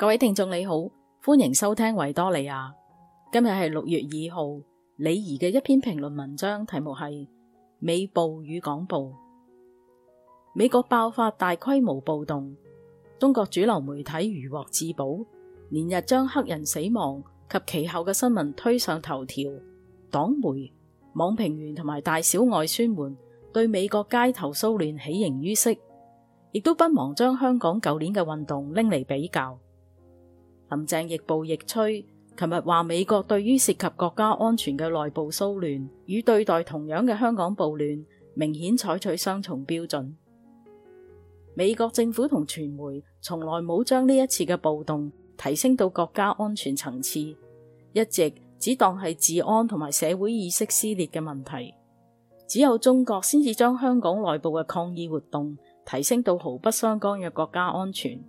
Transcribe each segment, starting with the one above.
各位聽眾你好，歡迎收聽維多利亞。今日係六月二號，李怡嘅一篇評論文章，題目係《美暴與港暴》。美國爆發大規模暴動，中國主流媒體如獲至寶，連日將黑人死亡及其後嘅新聞推上頭條。黨媒、網評員同埋大小外宣們對美國街頭騷亂喜形於色，亦都不忘將香港舊年嘅運動拎嚟比較。林鄭亦步亦趨，琴日話美國對於涉及國家安全嘅內部騷亂，與對待同樣嘅香港暴亂，明顯採取雙重標準。美國政府同傳媒從來冇將呢一次嘅暴動提升到國家安全層次，一直只當係治安同埋社會意識撕裂嘅問題。只有中國先至將香港內部嘅抗議活動提升到毫不相干嘅國家安全。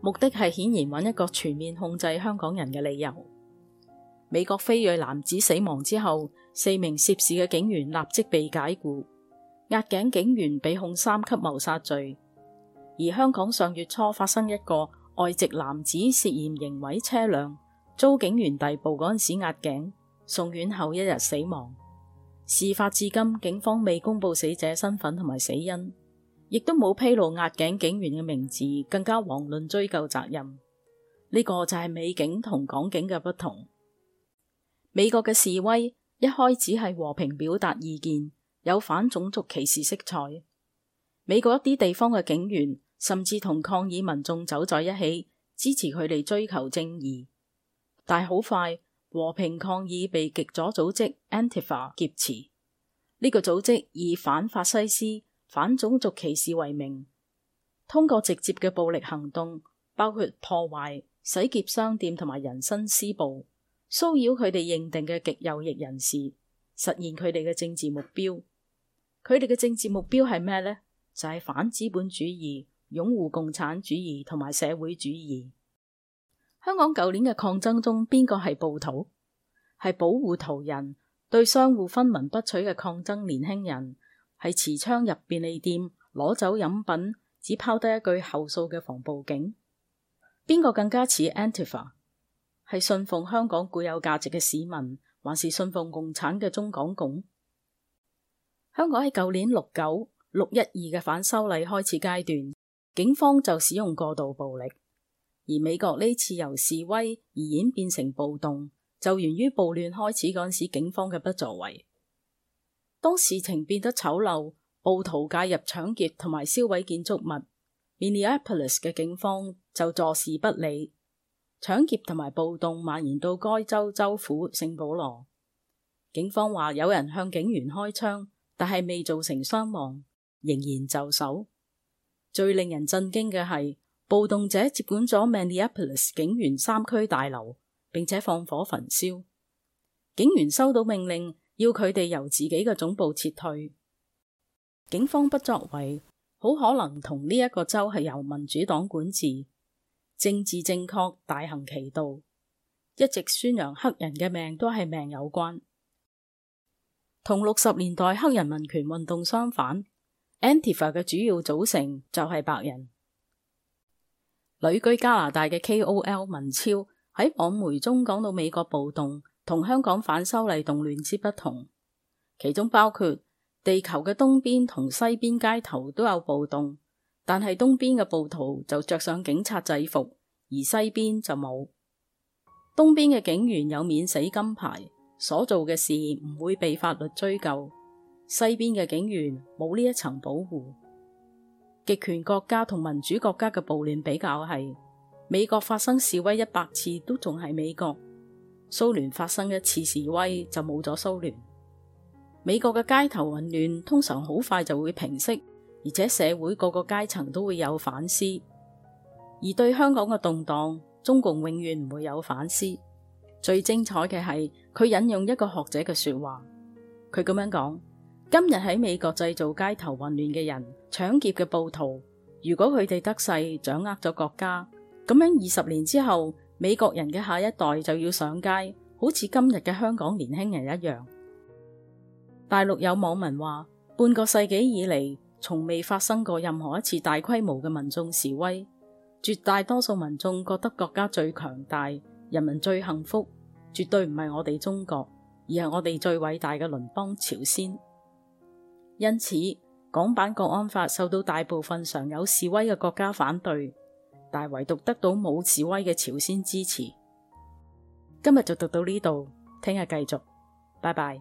目的係顯然揾一個全面控制香港人嘅理由。美國非裔男子死亡之後，四名涉事嘅警員立即被解雇，壓頸警員被控三級謀殺罪。而香港上月初發生一個外籍男子涉嫌刑毀車輛，遭警員逮捕嗰陣時壓頸，送院後一日死亡。事發至今，警方未公布死者身份同埋死因。亦都冇披露壓頸警員嘅名字，更加遑論追究責任。呢個就係美警同港警嘅不同。美國嘅示威一開始係和平表達意見，有反種族歧視色彩。美國一啲地方嘅警員甚至同抗議民眾走在一起，支持佢哋追求正義。但好快，和平抗議被極左組織 Antifa 劫持。呢個組織以反法西斯、反種族歧視為名，通過直接嘅暴力行動，包括破壞、洗劫商店同埋人身施暴、騷擾佢哋認定嘅極右翼人士，實現佢哋嘅政治目標。佢哋嘅政治目標係咩呢？就係、是、反資本主義、擁護共產主義同埋社會主義。香港舊年嘅抗爭中，邊個係暴徒？係保護途人、對商戶分文不取嘅抗爭年輕人。係持槍入便利店攞走飲品，只拋低一句後數嘅防暴警。邊個更加似 Antifa？係信奉香港固有價值嘅市民，還是信奉共產嘅中港共？香港喺舊年六九六一二嘅反修例開始階段，警方就使用過度暴力。而美國呢次由示威而演變成暴動，就源於暴亂開始嗰陣時警方嘅不作為。當事情變得醜陋，暴徒介入搶劫同埋燒毀建築物，Minneapolis 嘅警方就坐視不理。搶劫同埋暴動蔓延到該州州府聖保羅，警方話有人向警員開槍，但係未造成傷亡，仍然就手。最令人震驚嘅係，暴動者接管咗 Minneapolis 警員三區大樓，並且放火焚燒。警員收到命令。要佢哋由自己嘅總部撤退，警方不作為，好可能同呢一個州係由民主黨管治，政治正確大行其道，一直宣揚黑人嘅命都係命有關，同六十年代黑人民權運動相反。Antifa 嘅主要組成就係白人，旅居加拿大嘅 KOL 文超喺網媒中講到美國暴動，同香港反修例動亂之不同，其中包括地球嘅東邊同西邊街頭都有暴動，但係東邊嘅暴徒就着上警察制服，而西邊就冇。東邊嘅警員有免死金牌，所做嘅事唔會被法律追究；西邊嘅警員冇呢一層保護。極權國家同民主國家嘅暴亂比較係，美國發生示威一百次都仲係美國。蘇聯發生一次示威就冇咗蘇聯，美國嘅街頭混亂通常好快就會平息，而且社會各個階層都會有反思。而對香港嘅動蕩，中共永遠唔會有反思。最精彩嘅係佢引用一個學者嘅說話，佢咁樣講：今日喺美國製造街頭混亂嘅人、搶劫嘅暴徒，如果佢哋得勢掌握咗國家，咁樣二十年之後。美國人嘅下一代就要上街，好似今日嘅香港年輕人一樣。大陸有網民話，半個世紀以嚟，從未發生過任何一次大規模嘅民眾示威。絕大多數民眾覺得國家最強大，人民最幸福，絕對唔係我哋中國，而係我哋最偉大嘅鄰邦朝鮮。因此，港版國安法受到大部分常有示威嘅國家反對。但唯獨得到冇示威嘅朝鮮支持。今日就讀到呢度，聽日繼續，拜拜。